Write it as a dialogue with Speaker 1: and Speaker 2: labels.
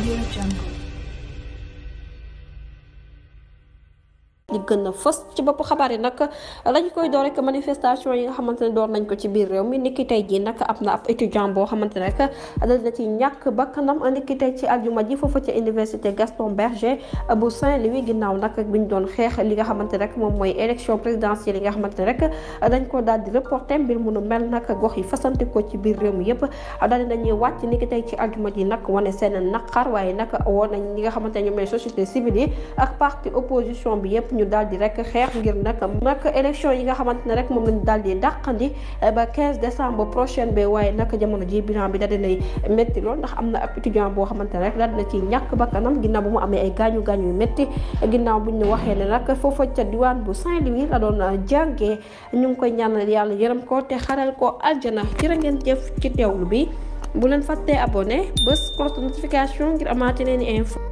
Speaker 1: Audio Jungle.
Speaker 2: li na a fës ci bopp xabaar yi nag lañ koy door rek manifestation yi nga xamante ne door nañ ko ci biir réew mi niki tey jii nag am na ab étudiant boo xamante ne na ci ñàkk bakkanam niki tey ci aljuma ji foofu ci université Gaston Berger bu Saint-Louis ginnaaw nag bi ñu doon xeex li nga xamante ne moom mooy élection présidentielle yi nga xamante ne rek dañ ko daal di reporté mbir mu nu mel nag gox yi fasante ko ci biir réew mi yëpp daal dinañuy wàcc niki tey ci aljuma ji nag wane seen naqar waaye nag woo nañ ñi nga xamante ne ñoom ñooy société yi ak parti opposition bi yëpp ñu daal di rek xeex ngir nag nag élection yi nga xamante ne rek moom lañu daal di dàqandi eh, ba 15 décembre prochaine bi waaye nag jamono ji bilan bi daal dinay métti lool ndax am na ab étudiant boo xamante ne rek daal dina ci ñàkk bakkanam ginnaaw bu mu amee ay gaañu gaañu yu métti ginnaaw ñu waxee ne nag foofa ca diwaan bu Saint-Louis la doon eh, jàngee ñu ngi koy ñaanal yàlla yërëm ko te xaral ko aljana jërë ngeen jëf ci teewlu bi bu leen fàttee abonné bés cloche notification ngir amaate